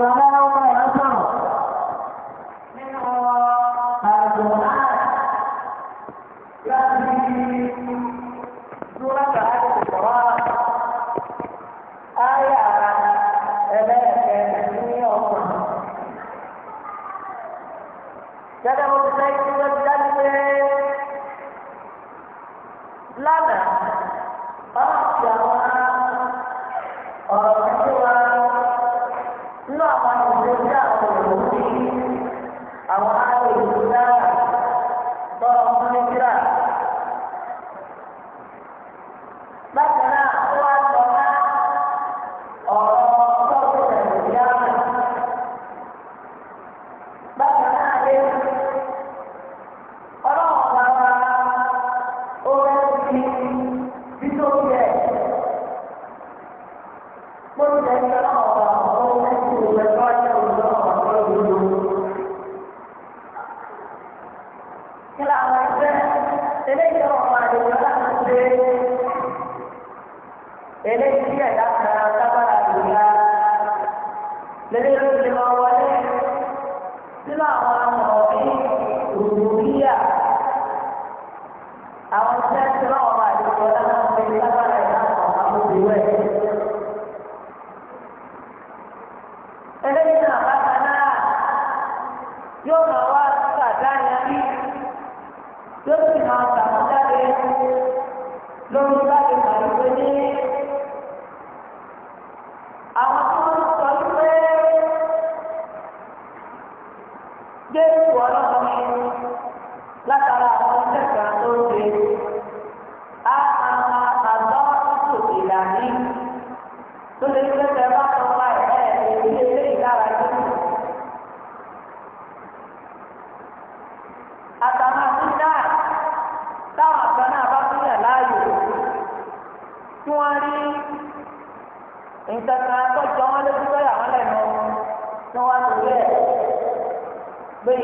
ಸಮಾನ ಉಪಾಯ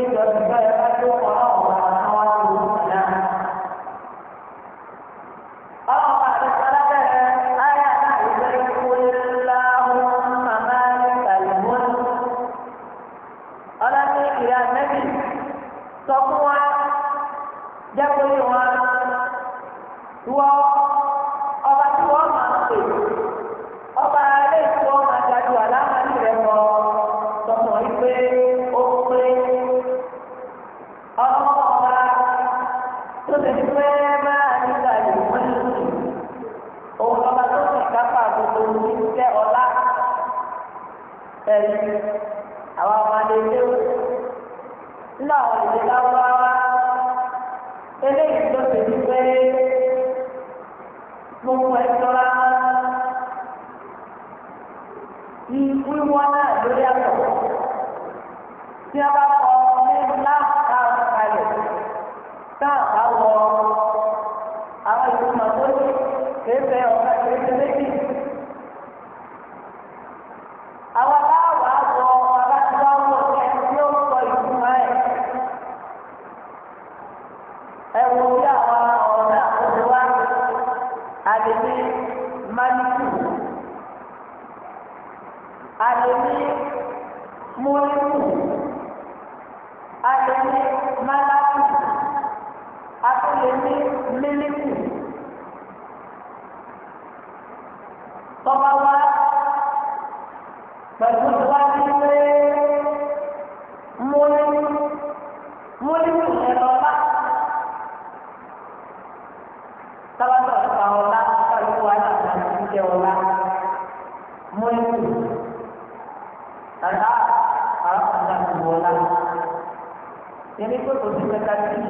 إذا ما تقع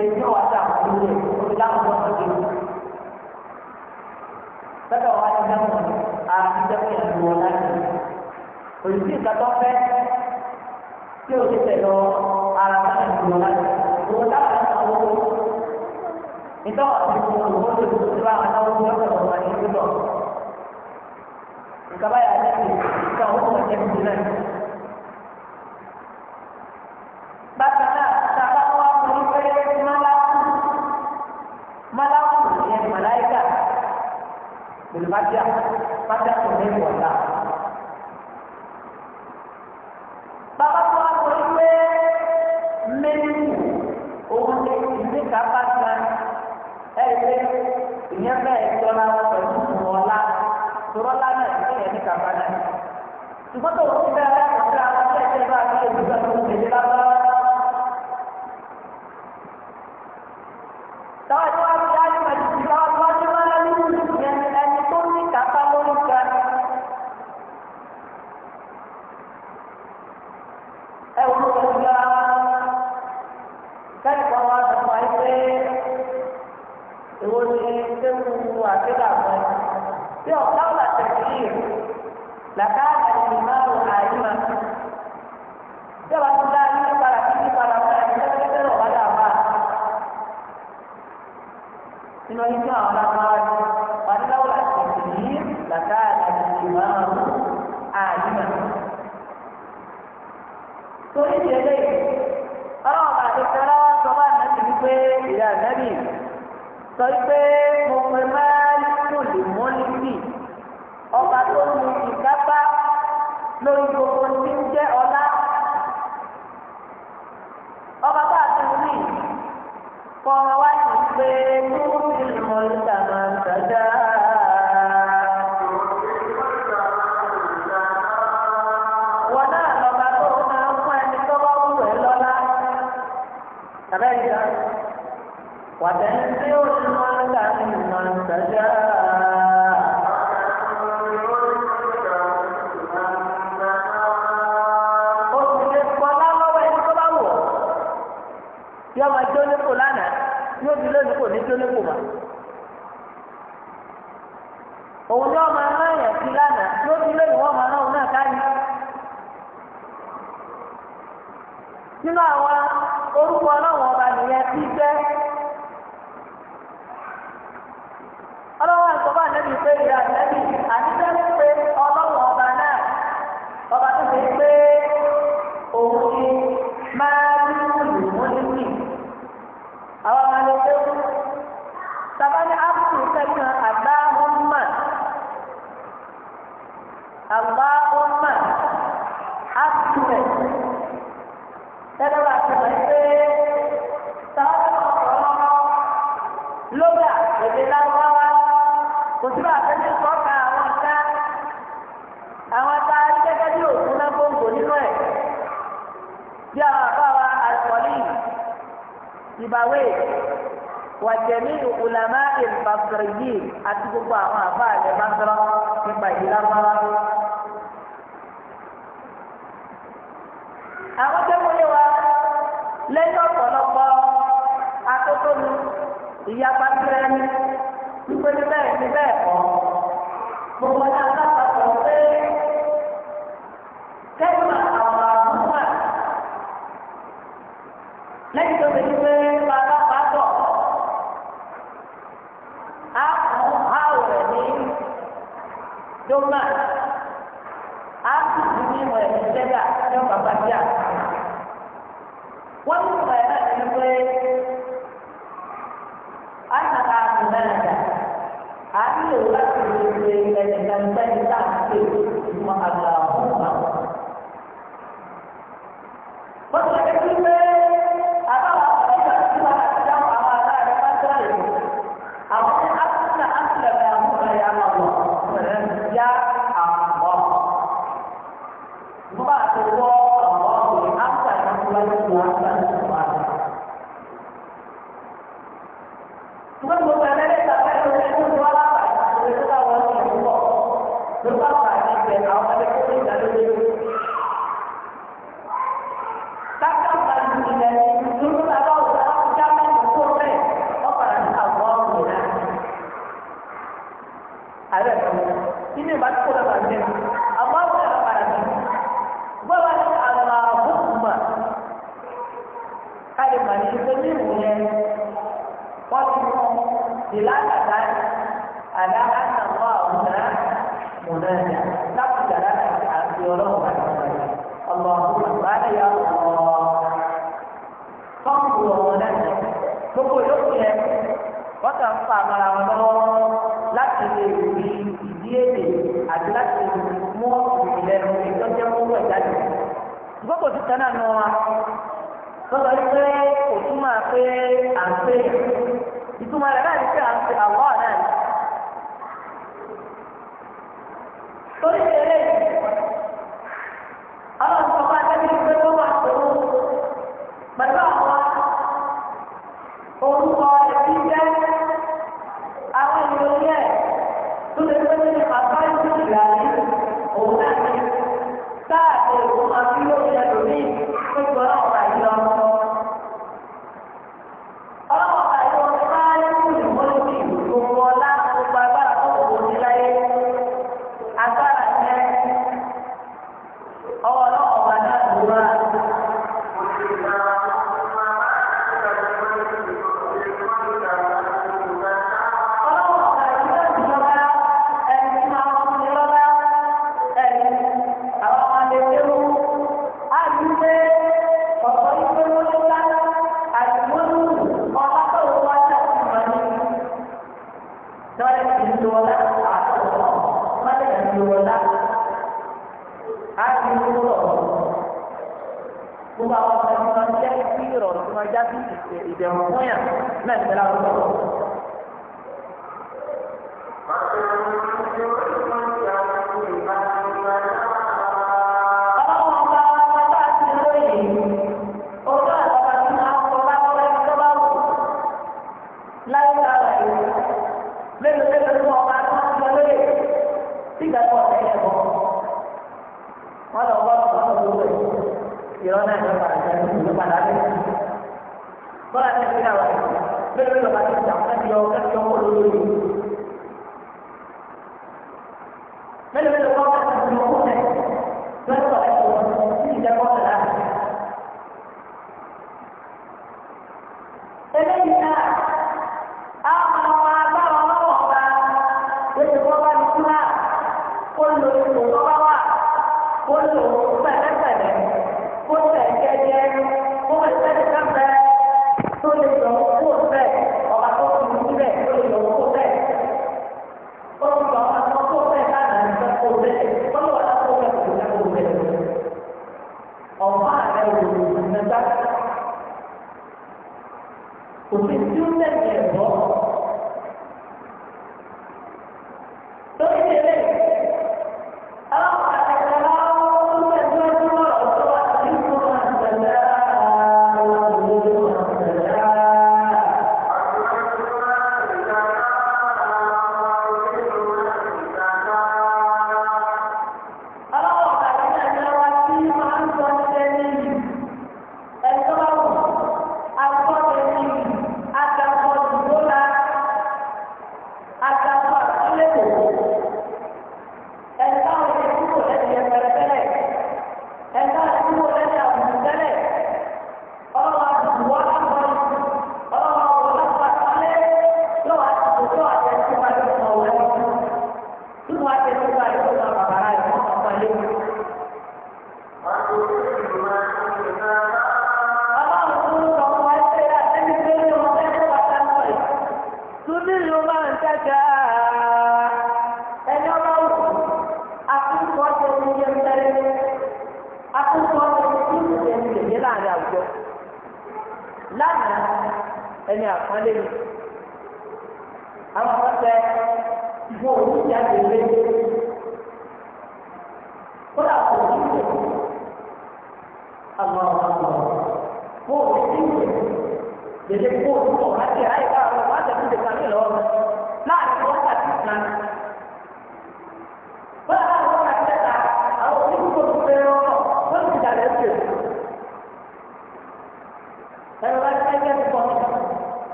ṣe ní ọ̀dà òkúrò òkúrò láwọn ọ̀dọ́ ṣe. Lọ́dọ̀ wa ti dáhùn àti dẹ́kun ìlú wọn láti. Òyìnbí nǹkan tó fẹ́ tí o ti tẹ̀lọ ara náà ìlú wọn láti. Òwò táwọn náà wọ́n wọ́n. Ìtọ́ àti ìwọ̀n òwò tó ti ti bá àwọn náà wọ́n lọ́sọ̀ lọ́wọ́ ní ìlú lọ. jẹ́ kí ìtọ́ òwò tó ti ti náà. fatiha fatiha kò sọ pé mo pe máa ń kùlì mọ́lìkì ọba tó ní ìdábà lórí gbogbo tí ń jẹ́ ọlá ọba bá a ti rí kọ́ lé kò mà. òun ni wọn máa rán èèyàn sí lánàá ló ti lé ìwọ máa rán òun náà káyì. nínú àwọn orúkọ ọlọ́wọ́ ọba nìyẹn ti Muqawqi' wa jami'u ulama'i al-Basriyyin àti gbogbo àwọn àbá àlẹ́ Basra nípa ìlànà. àwọn tó múlẹ̀ wa lẹ́yìn ọ̀pọ̀lọpọ̀ atótónu ìyapa tirẹ̀ ní wípé ní bẹ́ẹ̀ ní bẹ́ẹ̀ kọ́ gbogbo náà lápapọ̀ pé kẹ́kọ̀ọ́ àwọn àwọn àwọn lẹ́yìn tó ti ní pé. yóò máa. kan náà nù wọn lọ́sọ̀ yìí pé kò túmọ̀ pé à ń pè ìtumọ̀ rẹ̀ náà ní pé à ń pè àwọ̀ náà ní. torí eré ọlọ́run sọ fún akẹ́kẹ́ pé tó wà pẹ̀lú pẹ̀lú àwọn orúkọ ẹ̀bí jẹ́. náà ìpẹ́lá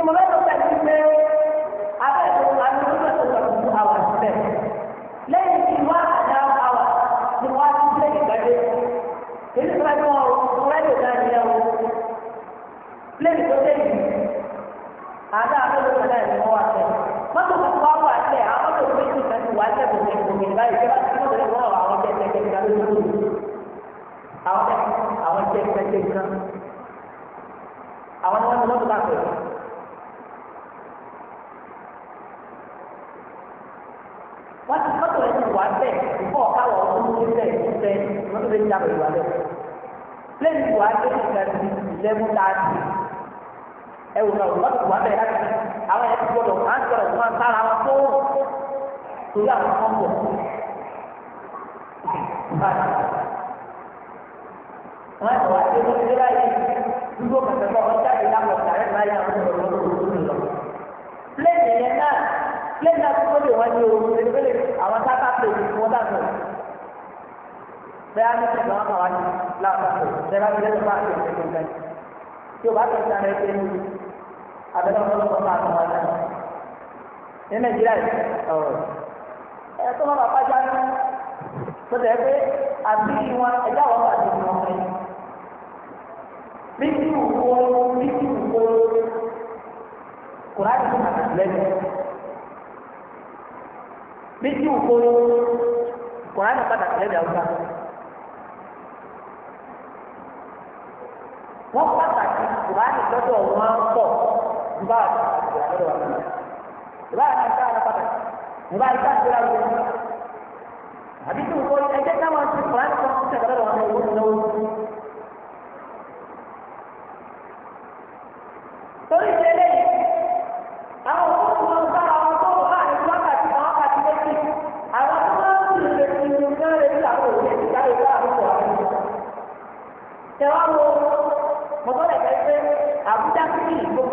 tí mo lọ́dọ̀ pẹ̀lú pé abẹ́tò alùpùpù pẹ̀lú àwọn àṣìṣe lẹ́yìn tí wọ́n àdá àwà ni wọ́n á ti lé ìgbàdé èyí tó bá tí wọ́n rọ rẹ́díò náà ní ẹ̀wọ̀ lẹ́yìn tó lé yìí àdá àbẹ́tò náà ní wọ́n wà tẹ̀ mọ́tò tó wá wà tẹ̀ àwọn mọ́tò tó ti fẹ́ ti wà tẹ̀ kò ní kò ní báyìí tí wọ́n ti mọ́tò tó wọ́n àwọn tẹ̀ tẹ̀ tẹ̀ àwọn tẹ̀ àwọn tẹ̀ tẹ̀ tẹ̀ bẹ wọn tó lè dá pẹ̀lú alẹ́ lẹ́yìn ìwà alẹ́ ìgbà tí ìlẹ́mú láti ẹ wò náà wọn tó wà bẹ láti àwọn ẹ ti gbọ́dọ̀ wọn á gbọ́dọ̀ wọn á sára wọn tó torí àwọn kan bọ wọn tó wà dé lórí báyìí dúró kẹsẹ̀ bọ wọn jáde lápò tààrẹ báyìí àwọn ọmọ ọmọ ọmọ lọ lẹ́yìn yẹn náà lẹ́yìn náà tó lè wá ní oòrùn lè lè àwọn sábà pè é wọn bẹ́ẹ̀ ní ṣe gbọ́n àwọn àti láàbùkù bẹ́ẹ̀ bá ti lẹ́nu bá àti ìṣẹ̀lẹ̀ gbọ́n tí o bá ti sàn rẹ̀ ṣe níbi abẹ́rẹ́ ọ̀pọ̀lọpọ̀ máa tún wá náà ní nàìjíríà yìí ọ̀rọ̀ ẹ̀ tó máa bá já ní tó tẹ̀ pé àbí wọn ẹ̀dá wọn bá ti mọ̀ ọ́ bí kí wù kó bí kí wù kó kùrá ti máa lẹ́nu bí kí wù kó kùrá ti máa lẹ́nu àwùjọ. wọ́n pàtàkì kùránì lọ́dọ̀ wọn pọ̀ nígbà pàtàkì lọ́dọ̀ wọn. ìbá àti àti àwọn pàtàkì ìbá àti àti àwọn ọmọ àbí tí nǹkan ẹgbẹ́ táwọn ti kùránì kan ti tẹ̀lé lọ́dọ̀ wọn lọ́wọ́ lọ́wọ́. torí ìdílé yìí àwọn òkú tí wọ́n bá àwọn tó wà ní wákàtí àwọn wákàtí méjì àwọn tó máa ń tún ìrètí ìrìn àwọn òwe ìdáyẹ̀wò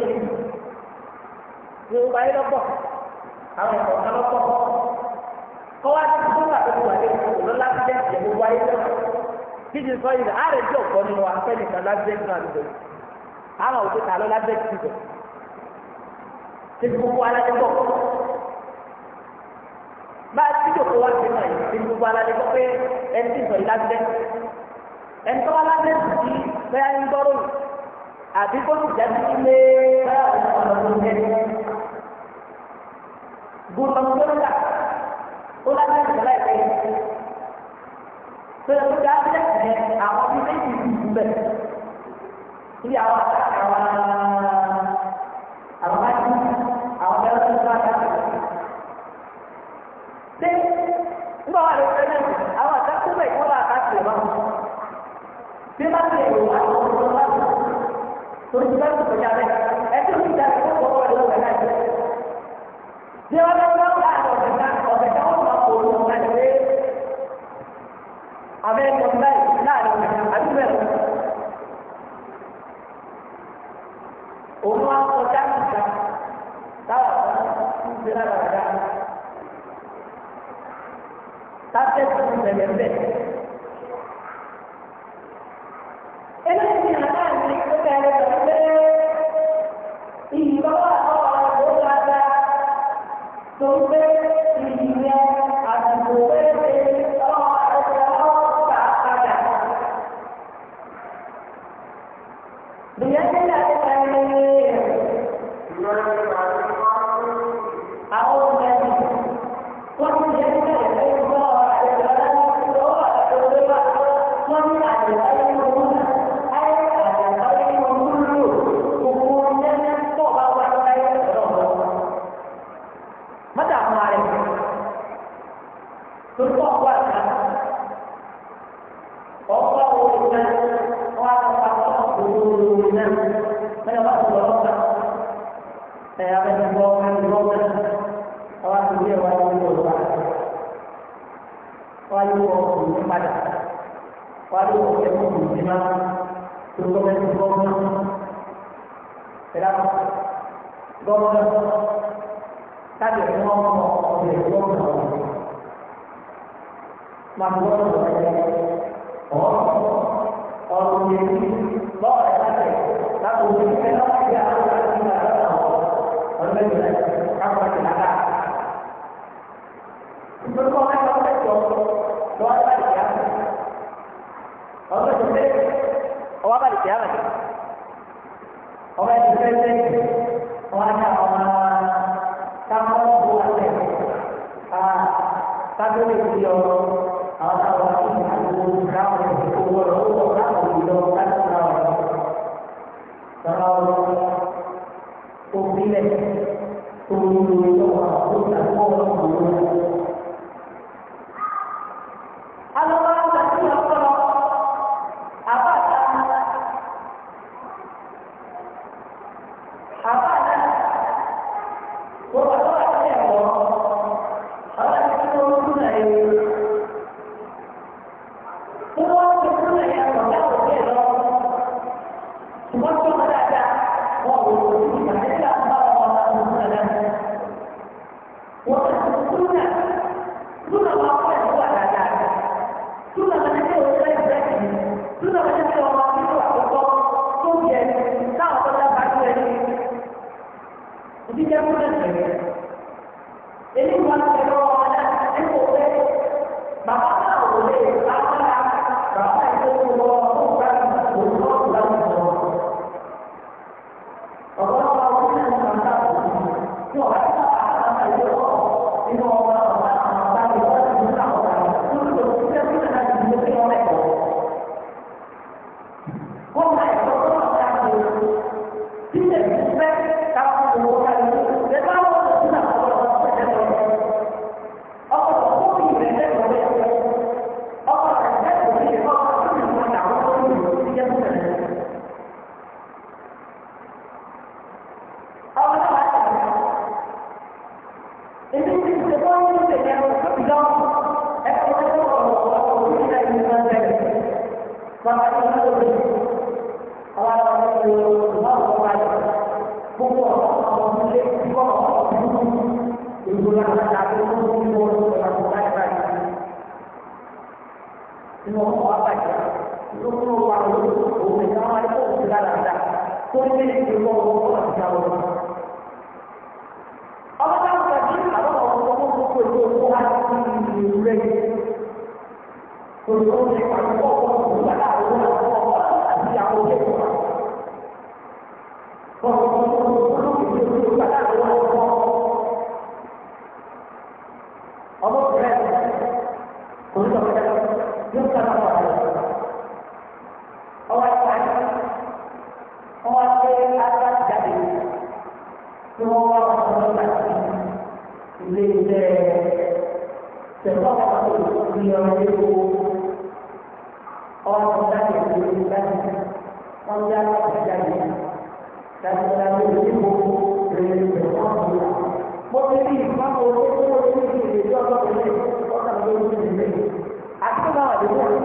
lórí yorùbá yìí lọ́pọ̀ àwọn ẹ̀kọ́ kan lọ́pọ̀ kọ́wá tí tó ń bàtẹ́ wà lé òun lọ́la ti dẹ́ ìyẹ̀wò wáyé lọ́wọ́ kí ti sọ yìí àárẹ̀ tí òkọ́ nínú wa fẹ́ nìkan lábẹ́ nínú àdúgbò àwọn òkú ta lọ lábẹ́ ti bẹ̀ tí gbogbo alẹ́ bọ̀ bá a ti dòkó wá sí Ma yìí tí gbogbo alẹ́ bọ̀ pé ẹni tí sọ yìí lábẹ́ ẹni tó wá lábẹ́ ti bẹ́ẹ̀ ń gbọ́rọ̀ yìí. àbí kó ti jáde sí lé báyìí ọ̀nà tó ń gẹ́gẹ́. Bùrọ̀ ń gbé ọjà ó lájú ìjọba ìgbẹ́ yìí. Bẹ́ẹ̀ ló dáa bílẹ̀ ṣẹ̀ àwọn bíi méjì ń bù bẹ̀. Ibi àwọn àṣà torí ti bẹ́ẹ̀ kọjá bẹ́ẹ̀ ẹtí omi ìjà rẹ̀ kó wọ́n lọ wẹ̀ náà jẹ́. bí wọ́n bá wọ́n bá ọ̀sẹ̀ ká ọ̀sẹ̀ ká wọ́n máa kóró wọn láti pé àbẹ́ ẹ̀kọ́ báyìí láàrin ọ̀sẹ̀ àbí bẹ́ẹ̀ lọ. òun wá kọjá níta táwọn ọ̀sẹ̀ ń gbé lára ọ̀dá. táṣẹ́ tó ń bẹ̀rẹ̀ bẹ́ẹ̀. àwọn ọmọ ẹni gbọ́dọ̀ tábìlì wọn mọ ọ̀rẹ́ gbọ́dọ̀ wọn. Màá gbọ́dọ̀ Anyone iṣẹ́ tẹ̀fọ́ pàtó ìyọ̀rọ̀ epo ọ̀rọ̀ dáhùn ìdílé dáhùn wọ́n dá ọ̀rọ̀ jáde dájúdájú onímọ̀ rẹ̀ tẹ̀fọ́ pàtó. mo ti rí ìfọ́nmọ́ owó tó wọ́n ti rí ìdílé tó ọ̀rọ̀ rẹ̀ ọ̀rọ̀ tó ń bí ìdílé. àtúnwá ọ̀rọ̀ mi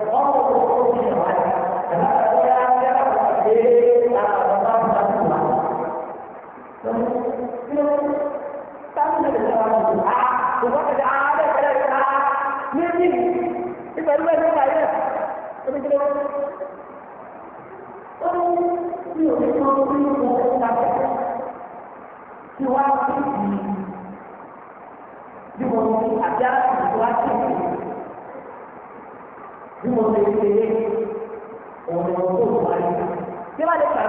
tí o ti tó tí o kò fẹ́ lábẹ́ tí wọ́n á ti di bí mo ti àti àtúntò á ti di bí mo ti ṣe é òun tó wà ní. Tí wọ́n lè kà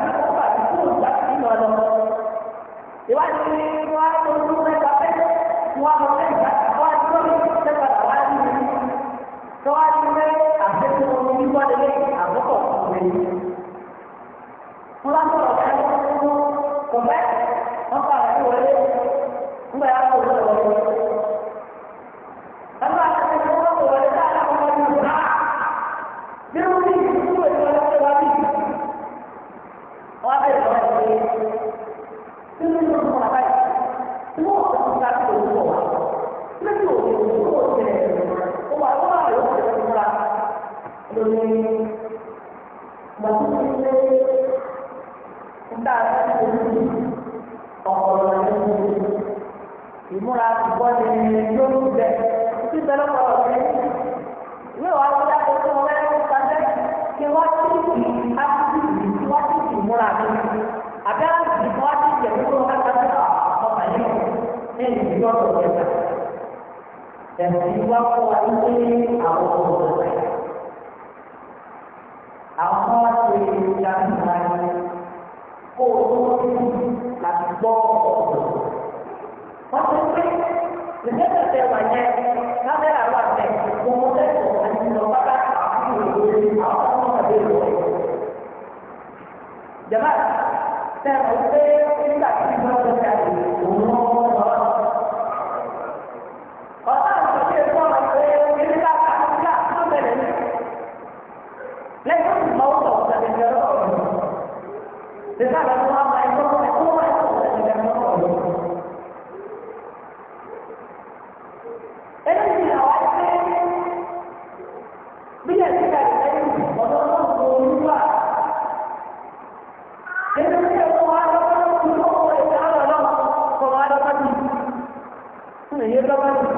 ìjọba nù.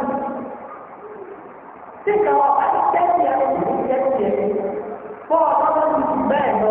Tí ìkàwọ́ àti tẹ́sí ẹni tó ti tẹ́sí ẹni, bọ́ọ̀ bá wọ́n ti bẹ́ẹ̀ lọ.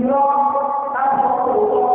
irọ́ láti ọkọ̀ òwò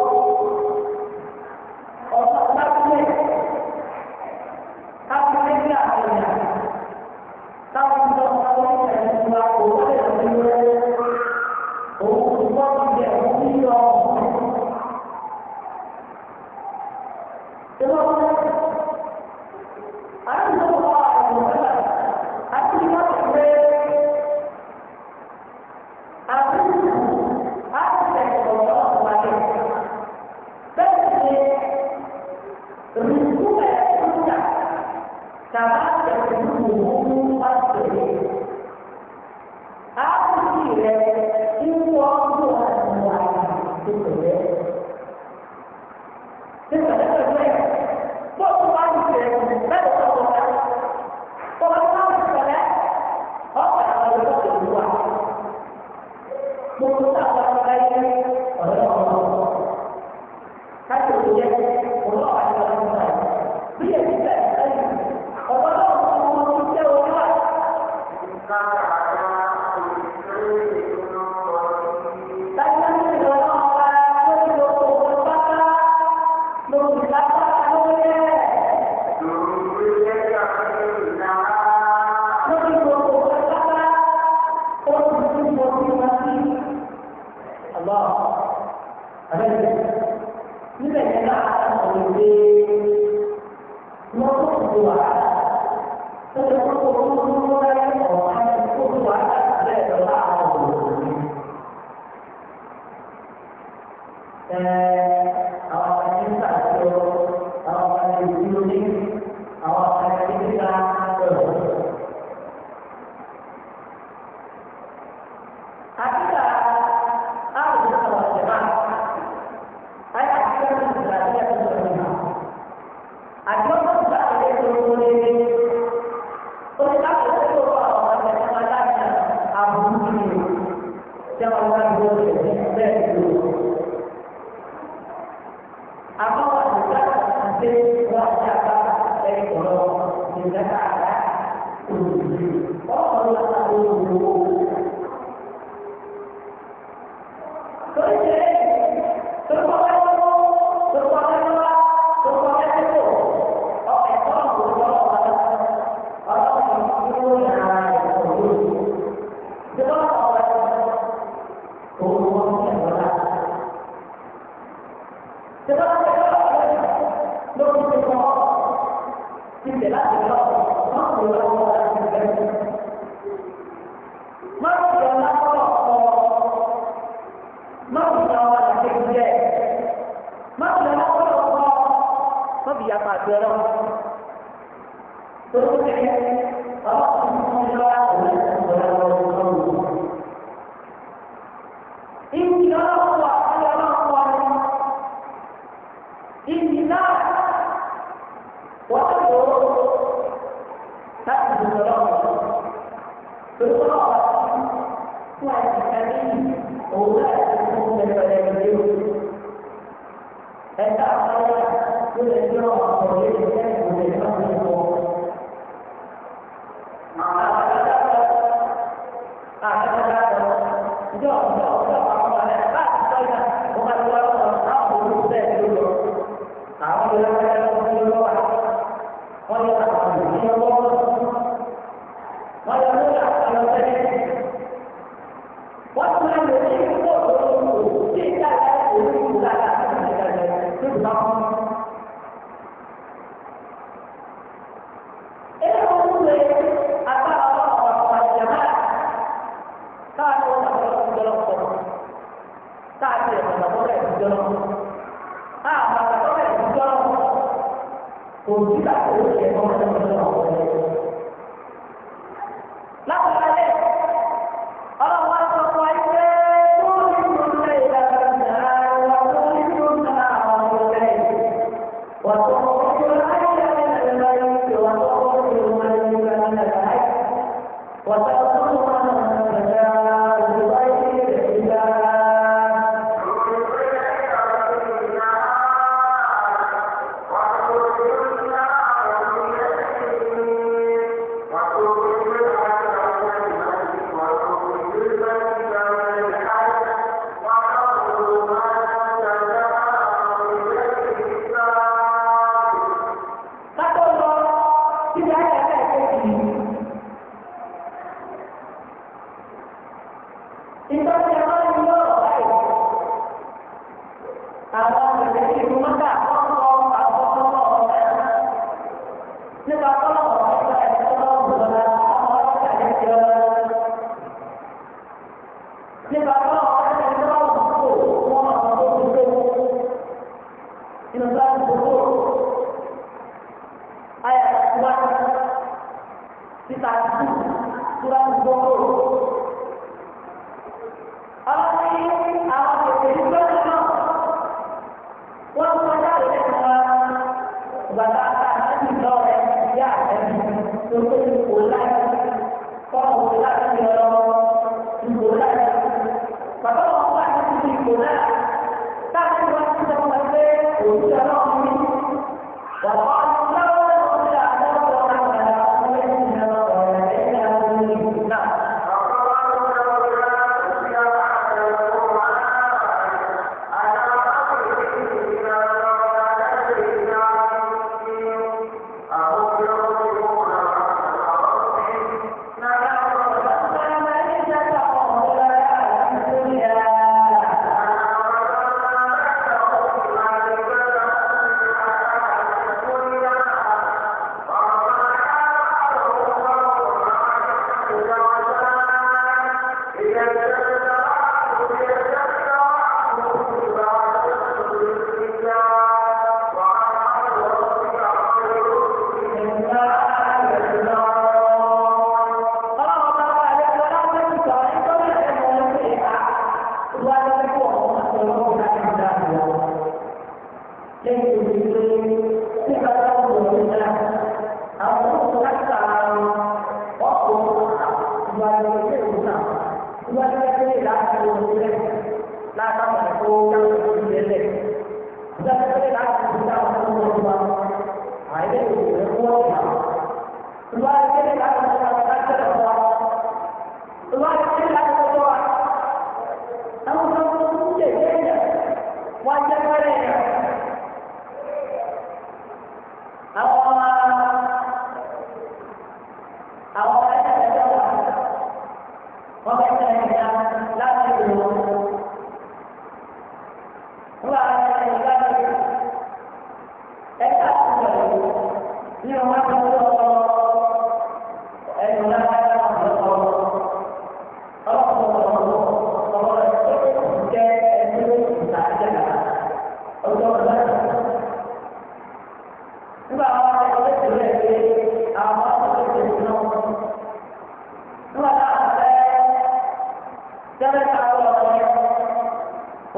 وقال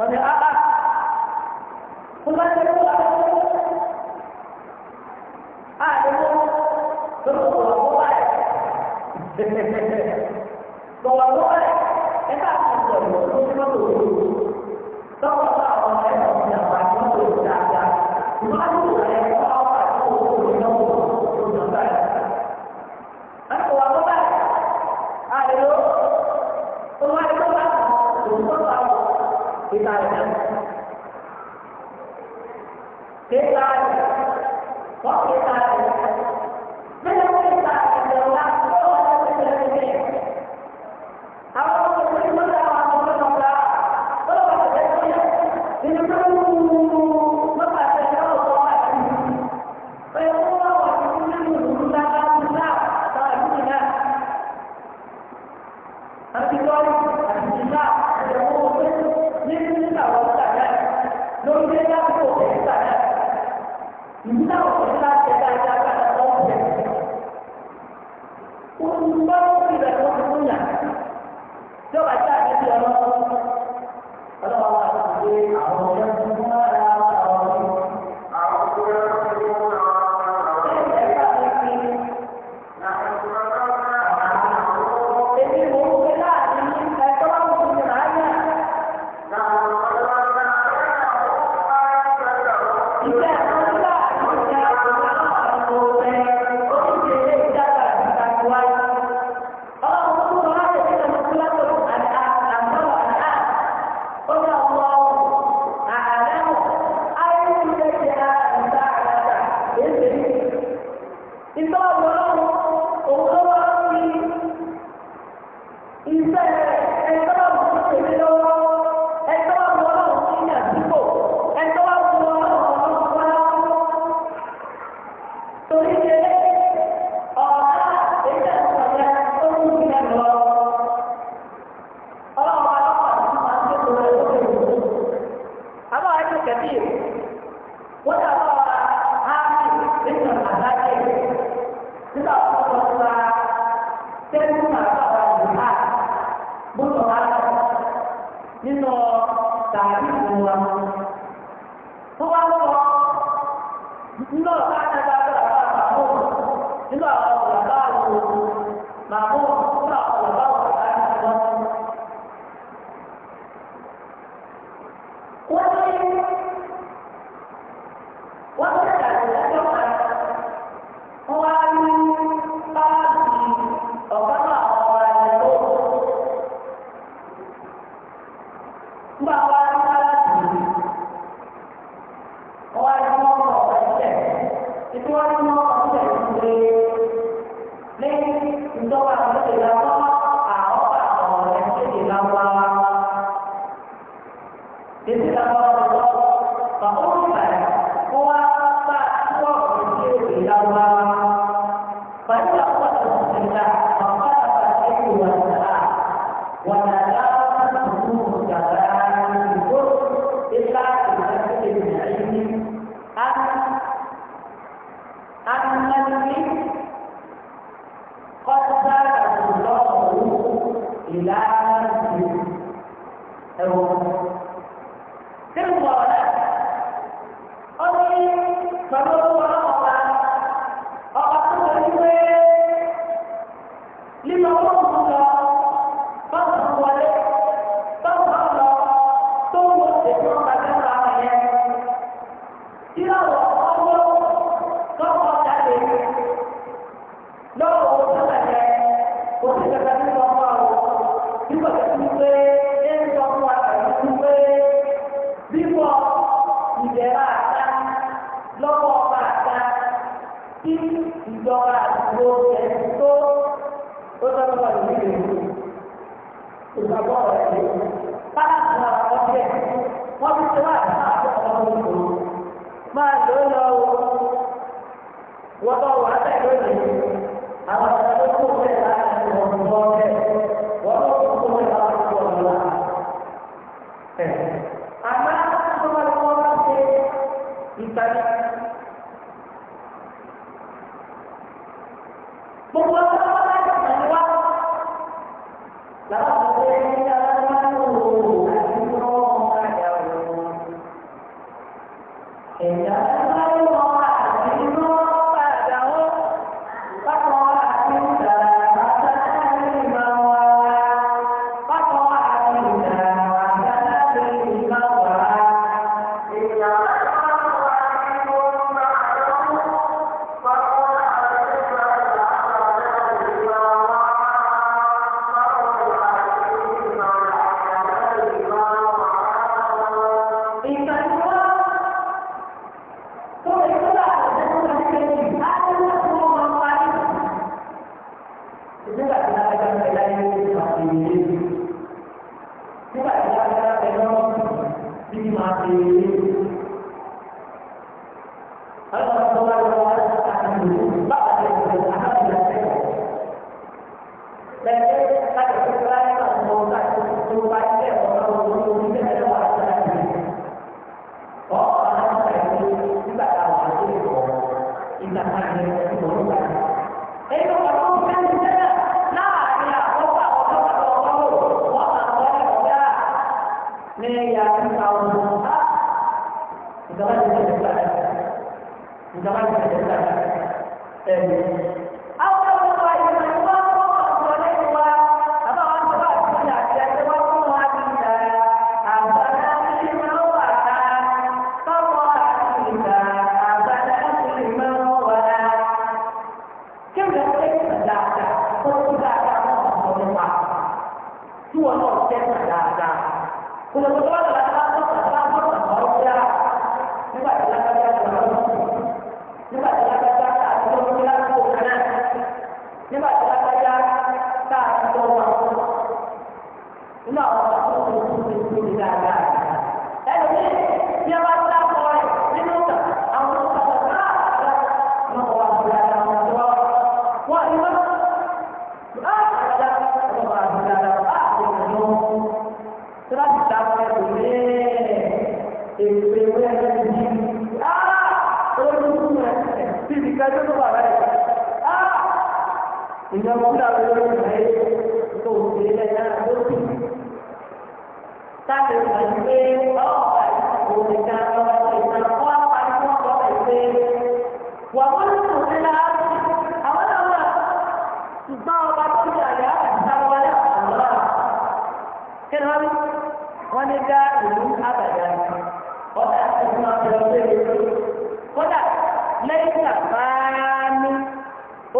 pé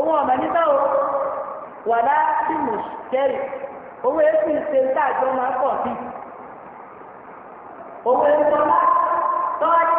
wọn ọmọ nígbà wo wà láti mú kẹrì owó èsì ṣe táàjọ máa pọ̀ sí owó èso náà tọ́jú.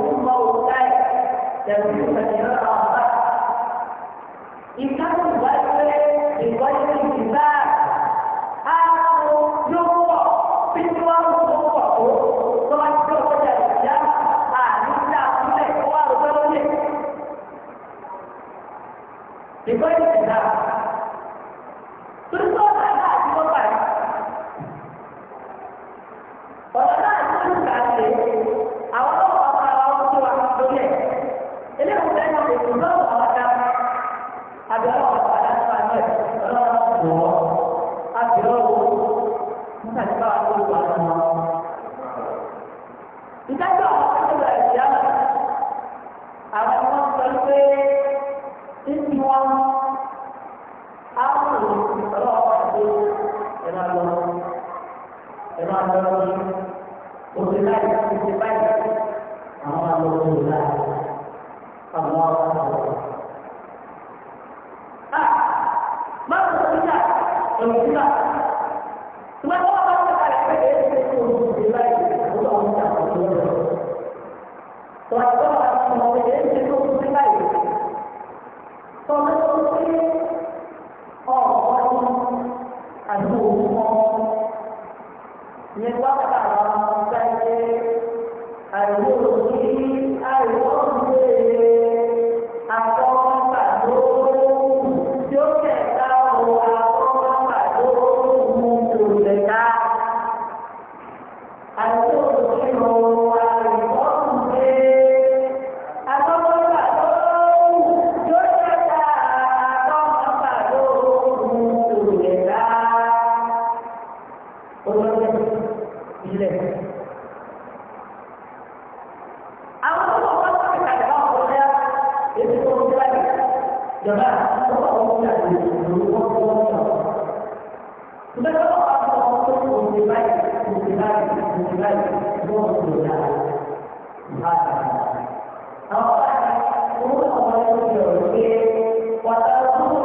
dan juga dengan Allah. Ikan wajib diwajib kita. Aku jumpa pintuan jumpa tu, tuan jumpa jadi anda boleh keluar dari sini. Diwajib orang yang hilang. Apa orang yang tidak tahu saya itu orang lagi. Jangan apa orang yang tidak tahu orang yang sudah tahu apa orang yang lebih baik, lebih baik, lebih baik, lebih baik. Tahu tak? Orang yang lebih baik, orang yang